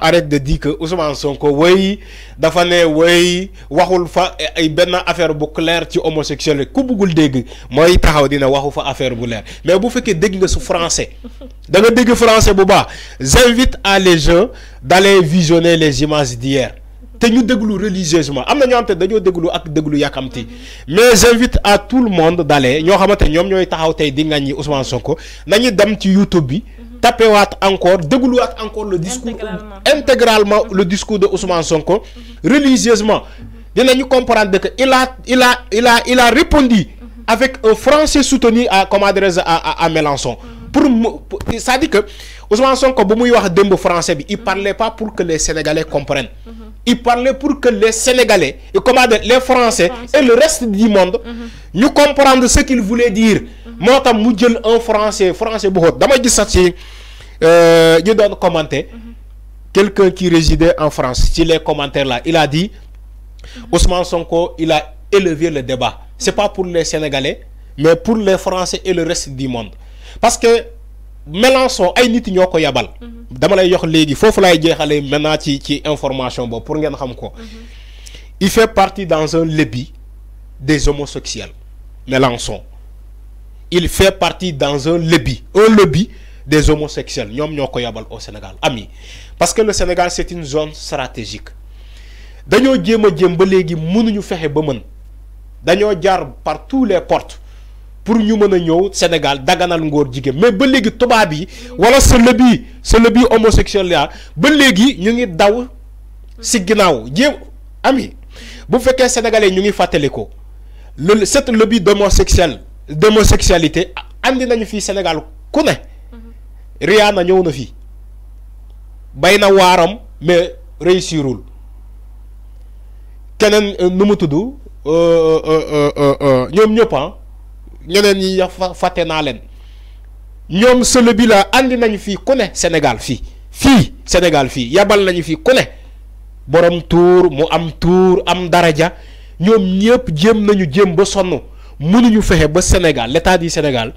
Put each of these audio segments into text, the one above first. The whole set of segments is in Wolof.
arrête de dire que Ousmane Sonko wey dafa né wey waxul fa ay eh, ben affaire bu clair ci homosexuel ku bugul dég moy taxaw dina waxu fa affaire bu leer mais bu féké que nga su français da nga dég français bu ba j'invite à les gens d'aller visionner les images d'hier té ñu déglu religieusement amna ñu ñoo dañu déglu ak déglu yakamti mais j'invite à tout le monde d'aller ñoo xamanté ñom ñoy taxaw tay di ngañ Ousmane Sonko nañu dem ci YouTube bi tapewaat encore dégluwaat encore le discours intégralement le discours de Ousmane Sonko religieusement comprendre que il a il a il a il a répondu avec un français soutenu à comme à à Mélenchon pour dit que Ousmane Sonko bu muy wax français il parlait pas pour que les Sénégalais comprennent il parlait pour que les Sénégalais et comment les Français et le reste du monde nous mhm. comprennent ce qu'il voulait dire motam mu jël un français français bu dama gis sax ci euh, ñu doon commenter mm-hmm. quelqu'un qui résidait en France ci les commentaires là il a dit mm-hmm. Ousmane Sonko il a élevé le débat c'est pas pour les Sénégalais mais pour les Français et le reste du monde parce que Mélenchon ay nit ñoko yabal. Mm-hmm. dama lay jox légui fofu à les maintenant ci ci information bo pour ngeen xam ko. il fait partie dans un lobby des homosexuels Mélenchon il fait partie dans un lobby un lobby des homosexuels ñoom ñoo yabal au Sénégal ami parce que le Sénégal c'est une zone stratégique dañoo jéem a jéem ba léegi mënuñu fexe ba mën dañoo par tous les portes pour ñu mën a Sénégal daganal ngor jigéen mais ba léegi tubaab yi wala ce lobby ce lobby homosexuel là. ba léegi ñu ngi daw si ginnaaw jéem ami bu fekkee sénégalais ñu ngi fàttali ko le cette lobby d'homosexuel d'homosexualité andi nañu fii Sénégal ku ne mm-hmm. Rihanna ñëw na fii bay na waaram mais réussirul keneen euh, nu mu tudd euh, euh, ñoom ñëpp ah ñeneen ñi ya fàtte naa leen ñoom solo bi la andi nañu fii ku ne Sénégal fii fii Sénégal fii yabal nañu fii ku ne borom tuur mu am tuur am daraja ñoom ñëpp jéem nañu jéem ba sonn mënuñu fexé ba Sénégal l'état du Sénégal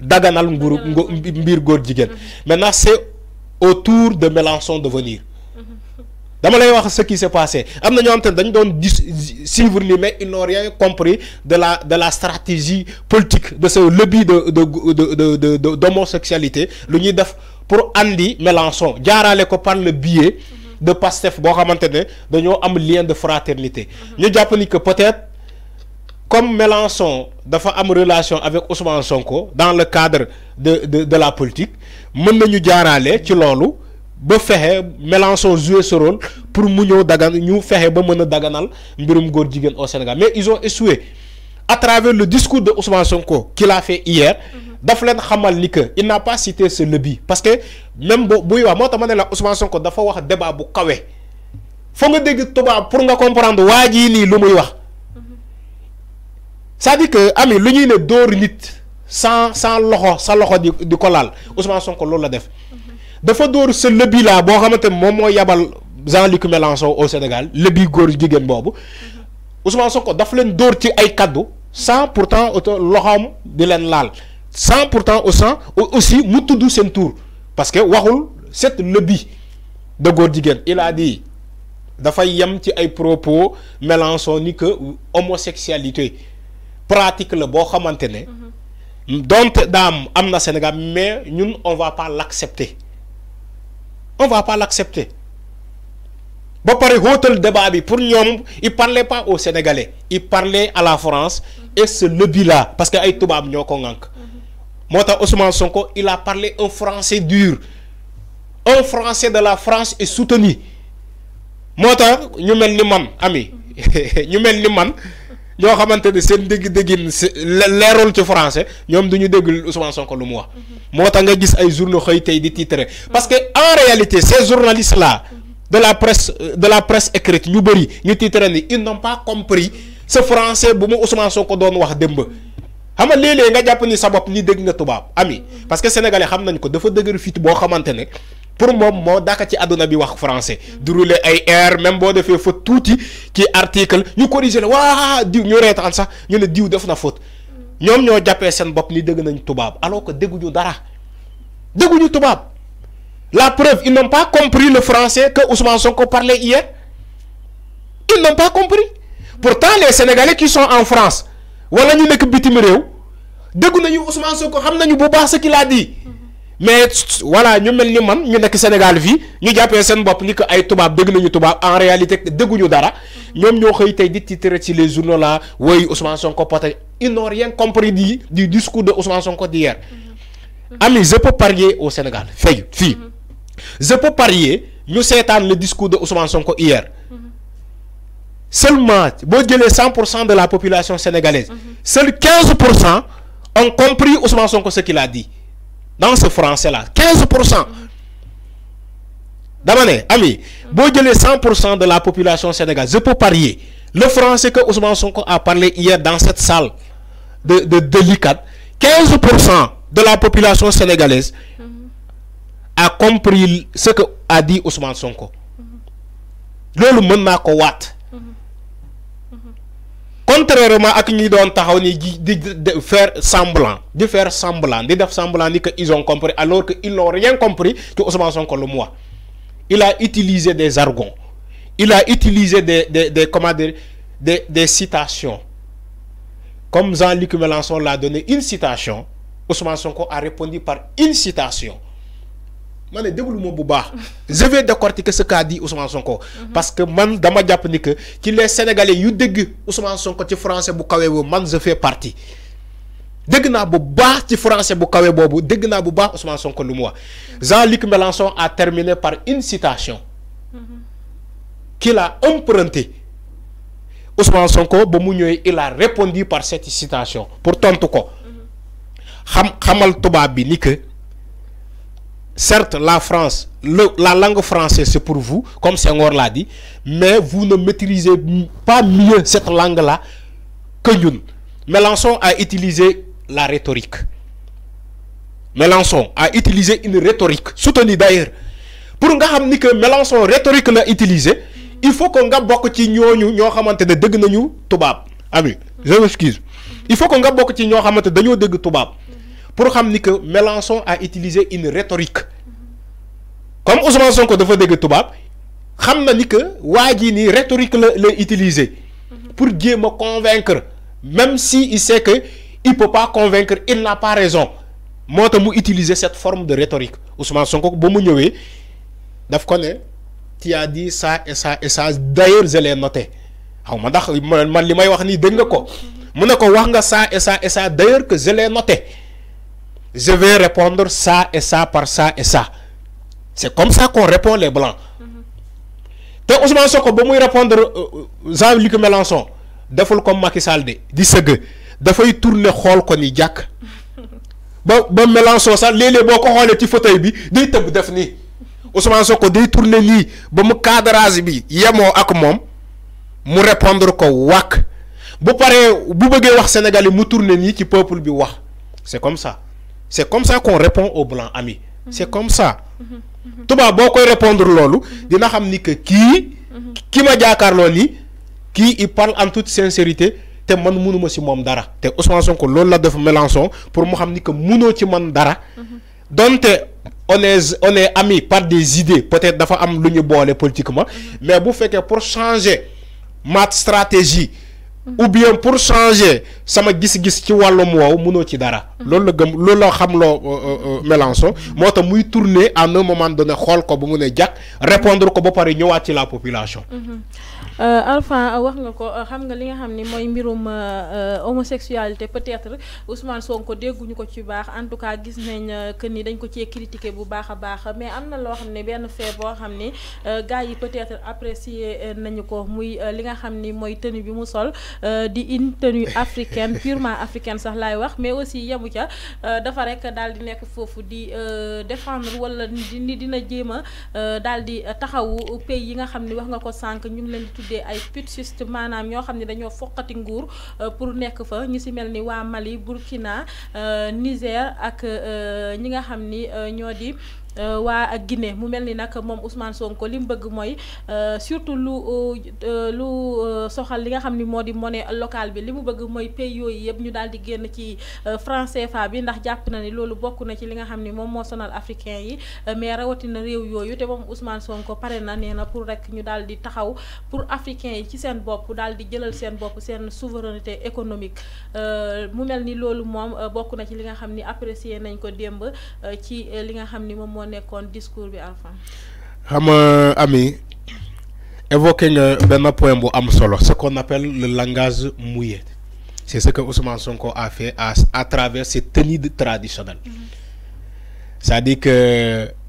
daganal nguru mbir goor mm-hmm. maintenant c'est au tour de Mélenchon de venir mm-hmm. dama lay wax ce qui s'est passé amna ñoo xam dañ doon suivre mais ils n'ont rien compris de la de la stratégie politique de ce lobby de de de de de d'homosexualité lu ñuy def pour andi Mélenchon jaaraale ko par le biais mm-hmm. de Pastef bo xamante ne dañoo am lien de fraternité ñu jàpp ni que peut-être comme Mélenchon dafa am relation avec Ousmane Sonko dans le cadre de de de la politique mën nañu jaaraale ci loolu ba fexe Mélenchon jouer ce rôle pour mu ñëw dagan ñu fexe ba mën a daganal mbirum góor jigéen au Sénégal mais ils ont échoué à travers le discours de Ousmane Sonko qu'il a fait hier. Mm-hmm. daf leen xamal ni que il n'a pas cité ce lobby parce que même boo buy wax moo tax ma la Ousmane Sonko dafa wax débat bu kawe foo nga dégg tubaab pour nga comprendre waa jii nii lu muy wax ça dit que ami lu ñuy ne dóor nit sans sans loxo sa loxo di di ko laal Ousmane Sonko loolu la def dafa dóor ce lebi laa bo xamantene mom mo yabal Jean-Luc Mélenchon au Sénégal lebi gor jigéen bobu Ousmane Sonko daf leen d'or ci ay cadeau sans pourtant auto loxoom di leen lal sans pourtant au sang aussi mu tudd sen tour parce que waxul cette lebi de gor jigéen il a dit fay yam ci ay propos Mélenchon ni que homosexualité pratique le bon xamante donc dame amna Sénégal mais nous on va pas l'accepter on va pas l'accepter bon par hôtel débat bi pour il parlait pas aux Sénégalais il parlait à la France et ce lobby là parce que ay au ñoo ko Mota Sonko il a parlé un français dur un français de la France est soutenu Mota, nous ñu les man ami ñu man ñoo xamanteni ne seen dégg-déggin si leerul ci français ñoom duñu ñu dégg Ousmane Sonko lu mu wax. Mhm. moo tax nga gis ay journaux xëy tey di titrer parce que en réalité ces journalistes là. de la presse de la presse écrite ñu bëri ñu titrer ni ils n'ont pas compris ce français bu mu Ousmane Sonko doon wax démb. xam nga nga jàpp ni sa bopp ni dégg nga tubaab ami mhm. parce que sénégalais xam nañ ko dafa dëgër fit boo xamante ne pour moi mo dàkk ci aduna bi wax français du rouler ay air même bo defee faute touti ci article ñu corriger wa waa diw ñu reetaan sax ñu ne diw def na faute ñom ñoo jappé sen bop ni deug nañ tubaab alors que dégguñu dara dégguñu tubaab la preuve ils n'ont pas compris le français que Ousmane Sonko parlait hier ils n'ont pas compris pourtant les Sénégalais qui sont en France wala ñu nekk bitim rew déggu nañu Ousmane Sonko xamnañu bu baax ce qu'il a dit mais voilà ñu melni man ñu nek Sénégal vie ñu jappé sen bop ni que ay tubaab dégg nañu en réalité ñu dara ñom ñoo xëy tey di titre ci les journaux là Ousmane Sonko pote ils n'ont rien compris du discours de Ousmane Sonko d'hier mm-hmm. ami je peux parier au Sénégal fay fi mm-hmm. je peux parier ñu sétane le discours de Ousmane Sonko hier mm-hmm. seulement bo jëlee 100% de la population sénégalaise seuls 15% ont compris Ousmane Sonko ce qu'il a dit dans ce français-là 15 Damane, ami 100 de la population sénégalaise je peux parier le français que Ousmane Sonko a parlé hier dans cette salle de de 15 de la population sénégalaise a compris ce que a dit Ousmane Sonko monde contrairement à ce doon taxaw ni di faire semblant de faire semblant de faire semblant ni ils ont compris alors qu'ils n'ont rien compris que Ousmane Sonko le moi. il a utilisé des argons il a utilisé des des comment des des citations comme Jean-Luc Mélenchon l'a donné une citation Ousmane Sonko a répondu par une citation mané ne mo bu baax je vais décortiquer ce qu'a dit Ousmane Sonko. parce que man dama japp ni que ci les sénégalais yu dégg Ousmane Sonko ci français bu kawé boobu man je fais partie dégg na bu baax ci français bu kawé bobu dégg na bu baax Ousmane Sonko lu mu Jean-Luc Mélenchon a terminé par une citation. qu'il a empruntée Ousmane Sonko ba mu ñëwee il a répondu par cette citation. pour tontu ko. xam xamal Toba bi ni que. Certes, la France, la langue française, c'est pour vous, comme Senghor l'a dit, mais vous ne maîtrisez pas mieux cette langue-là que nous. Mélenchon a utilisé la rhétorique. Mélenchon a utilisé une rhétorique, soutenue d'ailleurs. Pour nous que Mélenchon rhétorique l'a utilisé, il faut qu'on ait beaucoup de je m'excuse. Il faut qu'on ait beaucoup de gens qui pour xam que Mélenchon a utilisé une rhétorique comme Ousmane Sonko dafa dégg Toubab, xam na ni que waa rhétorique la utilisé pour me convaincre même si sait qu'il ne peut pas convaincre il n'a pas raison Moi, a utilisé utiliser cette forme de rhétorique Ousmane Sonko quand mu est daf ko tu dit ça et ça et ça d'ailleurs je l'ai noté Je ne sais pas, si may wax dit nga ça et ça et ça d'ailleurs que je l'ai noté je vais répondre ça et ça par ça et ça. C'est comme ça qu'on répond les blancs. Mhm. Te Ousmane Sonko ba muy répondre euh, euh, Jean-Luc Mélenchon deful comme Macky Sall de di sëgg dafay tourner xool ko ni jàkk ba ba Mélenchon ça les léeg boo ko ci fauteuil bi day tëb def ni Ousmane Sonko day tourner nii ba mu cadrage bi yemoo ak mom mu répondre ko wak. bu paré bu bëggee wax sénégalais mu tourner ni ci peuple bi wax c'est comme ça c'est comme ça qu'on répond aux blancs amis c'est comme ça tubaab boo beaucoup répondre lolo. dina xam que qui qui ma à ni qui il parle en toute sincérité te man munuma si moom dara te Ousmane Sonko loolu la suis Mélenchon pour mu xam que munoo ci man dara donte on est on est amis par des idées peut-être dafa am lu ñu politiquement mais bu que pour changer ma stratégie ou bien pour changer sama gis-gis ci walum woowu mënoo ci dara. Mhm. loolu la gëm xam euh, euh, euh, mhm. tourner à un moment donné ko bu répondre ko ba la population. Mhm. Euh, Alpha wax nga ko euh, xam nga li nga xam ni mooy mbirum euh, homosexualité peut-être Ousmane Sonko dégguñu ko ci baax en tout cas gis nañ que ni dañ ko cee critiqué bu baax baax mais am na loo xam ne benn fait boo xam ni gars yi peut-être apprécié nañu ko muy li nga xam ni mooy tenue bi mu sol di une tenue africaine purement africain sax laay wax mais aussi yemu ca dafa rek daal di nekk foofu di défendre wala di dina jéem a daal di taxawu pays yi nga xam ni wax nga ko sànq ñu ngi leen tuddee ay putschistes maanaam ñoo xam ne dañoo foqati nguur euh, pour nekk fa ñu si mel ni waa Mali Burkina euh, Niger ak euh, ñi nga xam ni ñoo di Euh, waa Guinée mu mel ni nag moom Ousmane Sonko li mu bëgg mooy euh, surtout lu euh, lu soxal li nga xam ni moo di monnaie locale bi li mu bëgg mooy pays yooyu yëpp ñu daal di génn ci franc CFA bi ndax jàpp na ni loolu bokk na ci li nga xam ni moom moo sonal africain yi mais rawatina réew yooyu te moom Ousmane Sonko pare na nee na pour rek ñu daal di taxaw pour africain yi ci seen bopp daal di jëlal seen bopp seen souveraineté économique mu mel ni loolu moom bokk na ci li nga xam ni apprécié nañ ko démb ci li nga xam ni nekkoon discours bi Alpha. xam Ami évoqué nga benn point bu am solo ce qu'on appelle le langage mouillé c'est ce que Ousmane Sonko a fait à à travers ses tenues traditionnelles mm-hmm. c'est-à-dire que.